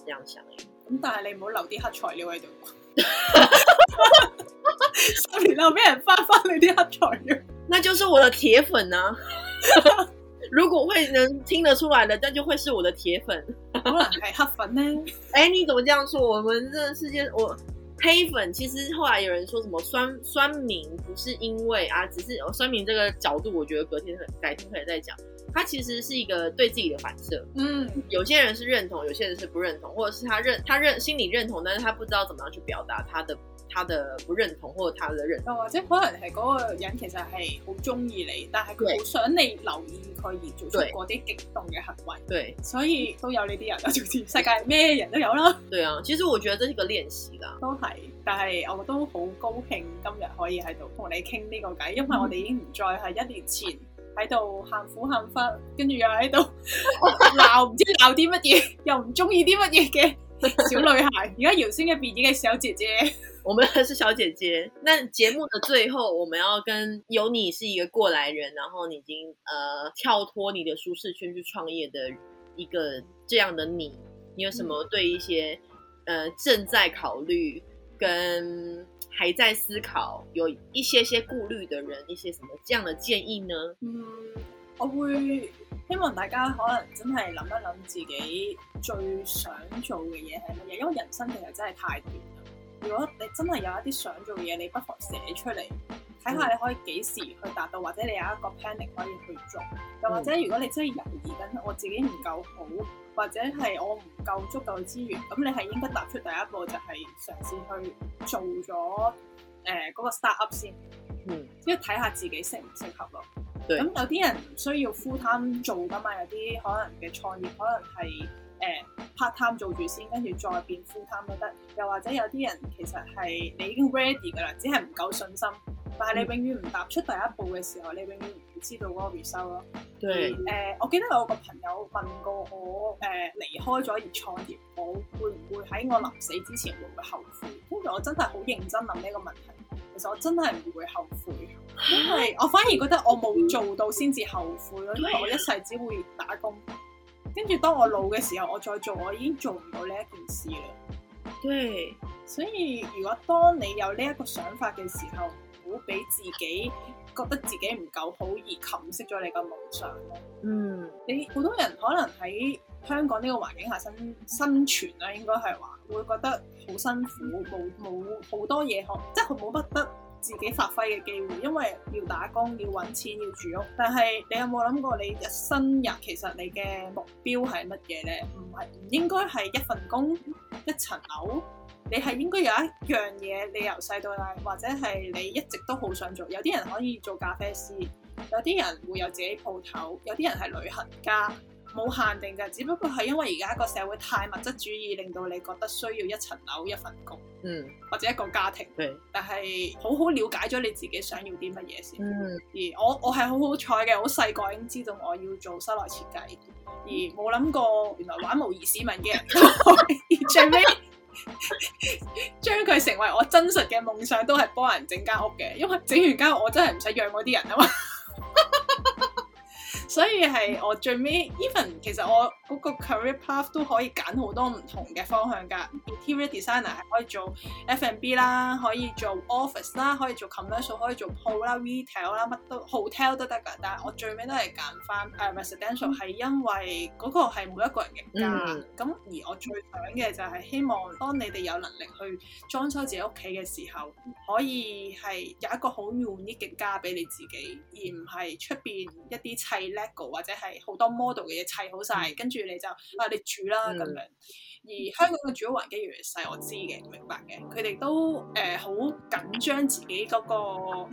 咁但係你唔好留啲黑材料喺度，十年後俾人翻翻你啲黑材料，那就是我的鐵粉啦、啊。 如果會能聽得出來的，那就會是我的鐵粉，還黑粉呢？哎，你怎麼這樣說？我們這世界，我黑粉其實後來有人說什麼酸酸明，不是因為啊，只是我酸明這個角度，我覺得隔天可改天可以再講。他其實是一個對自己的反射，嗯，有些人是認同，有些人是不認同，或者是他認他認心裏認同，但是他不知道怎麼樣去表達他的他的不認同或者他的認同，或者、哦、可能係嗰個人其實係好中意你，但係佢好想你留意佢而做出嗰啲激動嘅行為，對，所以都有呢啲人啊，全 世界咩人都有啦。對啊，其實我覺得呢個練習啦，都係，但係我都好高興今日可以喺度同你傾呢個偈，因為我哋已經唔再係一年前。嗯喺度喊苦喊忽，跟住又喺度鬧，唔知鬧啲乜嘢，又唔中意啲乜嘢嘅小女孩。而家搖身一變咗嘅小姐姐，我們係是小姐姐。那節目的最後，我們要跟有你是一個過來人，然後你已經誒、呃、跳脫你的舒適圈去創業的一個這樣的你，你有什麼對一些誒、嗯呃、正在考慮？跟還在思考有一些些顧慮的人，一些什麼這樣的建議呢？嗯，我會希望大家可能真係諗一諗自己最想做嘅嘢係乜嘢，因為人生其實真係太短啦。如果你真係有一啲想做嘅嘢，你不妨寫出嚟。睇下你可以幾時去達到，或者你有一個 planning 可以去做。又、哦、或者如果你真係猶豫緊，我自己唔夠好，或者係我唔夠足夠資源，咁你係應該踏出第一步，就係、是、嘗試去做咗誒嗰個 startup 先，即係睇下自己適唔適合咯。咁對有啲人需要 full time 做㗎嘛，有啲可能嘅創業可能係。誒、uh, part time 做住先，跟住再變 full time 都得。又或者有啲人其實係你已經 ready 噶啦，只係唔夠信心。但係你永遠唔踏出第一步嘅時候，你永遠唔知道嗰個 result 咯。誒對，uh, 我記得我個朋友問過我，誒、uh, 離開咗而創業，我會唔會喺我臨死之前會唔會後悔？跟住、mm hmm. 我真係好認真諗呢個問題。其實我真係唔會後悔，因為我反而覺得我冇做到先至後悔咯。Mm hmm. 因為我一世只會打工。跟住，當我老嘅時候，我再做，我已經做唔到呢一件事啦。對所以，如果當你有呢一個想法嘅時候，唔好俾自己覺得自己唔夠好而冚熄咗你嘅夢想咯。嗯，你好多人可能喺香港呢個環境下生生存啦，應該係話會覺得好辛苦，冇冇好多嘢學，即係佢冇乜得。自己發揮嘅機會，因為要打工、要揾錢、要住屋。但係你有冇諗過，你一生人其實你嘅目標係乜嘢呢？唔係唔應該係一份工，一層樓，你係應該有一樣嘢，你由細到大，或者係你一直都好想做。有啲人可以做咖啡師，有啲人會有自己鋪頭，有啲人係旅行家。冇限定嘅，只不過係因為而家一個社會太物質主義，令到你覺得需要一層樓一份工，嗯、或者一個家庭。是但係好好了解咗你自己想要啲乜嘢先。嗯、而我我係好好彩嘅，好細個已經知道我要做室內設計，而冇諗過原來玩模擬市民嘅人， 而最尾將佢成為我真實嘅夢想，都係幫人整間屋嘅，因為整完間屋我真係唔使養嗰啲人啊嘛。 所以係我最尾，even 其實我個 career path 都可以揀好多唔同嘅方向㗎。interior designer 係可以做 F&B 啦，可以做 office 啦，可以做 commercial，可以做鋪啦、retail 啦，乜都 hotel 都得㗎。但係我最尾都係揀翻誒 residential，係因為嗰個係每一個人嘅家。咁、嗯、而我最想嘅就係希望，當你哋有能力去裝修自己屋企嘅時候，可以係有一個好 warm 嘅家俾你自己，而唔係出邊一啲砌咧。或者係好多 model 嘅嘢砌好晒，跟住、嗯、你就啊，你煮啦咁樣。而香港嘅住屋環境越嚟越細，我知嘅，明白嘅。佢哋都誒好、呃、緊張自己嗰、那個、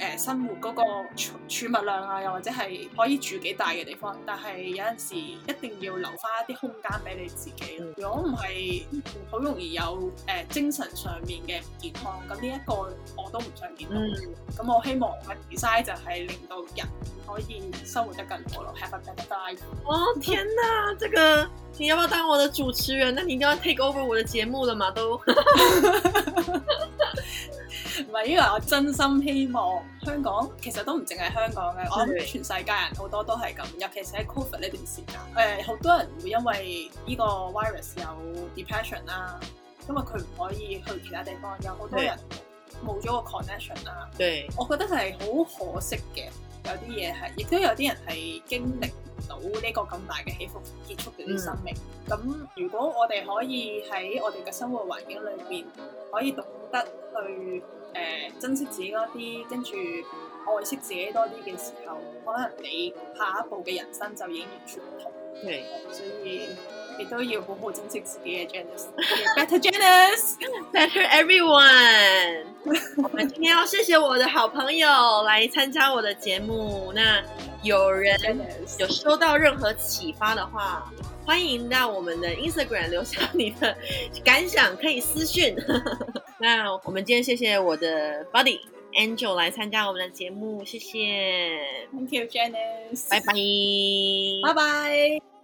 呃、生活嗰個儲，儲物量啊，又或者係可以住幾大嘅地方。但係有陣時一定要留翻一啲空間俾你自己。如果唔係，好容易有誒、呃、精神上面嘅唔健康。咁呢一個我都唔想見到。咁、嗯、我希望個 design 就係令到人可以生活得更，多、嗯、更好咯。Have a good day。哦天啊， 這個你有冇要，不要當我嘅主持人？呢？你就要。take over 我嘅節目啦嘛都，唔 係 因為我真心希望香港，其實都唔淨係香港嘅，的我諗全世界人好多都係咁，尤其是喺 Covid 呢段時間，誒好的多人會因為呢個 virus 有 depression 啦，因為佢唔可以去其他地方，有好多人冇咗個 connection 啦的，對，我覺得係好可惜嘅。有啲嘢係，亦都有啲人係經歷唔到呢個咁大嘅起伏，結束咗啲生命。咁、嗯、如果我哋可以喺我哋嘅生活環境裏面，可以懂得去誒、呃、珍惜自己多啲，跟住愛惜自己多啲嘅時候，可能你下一步嘅人生就已經完全唔同。係。所以。都一步步進去，謝謝 Janice，Better Janice，Better everyone。我們今天要謝謝我的好朋友來參加我的節目。那有人有收到任何啟發的話，歡迎到我們的 Instagram 留下你的感想，可以私訊。那我們今天謝謝我的 buddy Angel 來參加我們的節目，謝謝，Thank you Janice，拜拜，拜拜。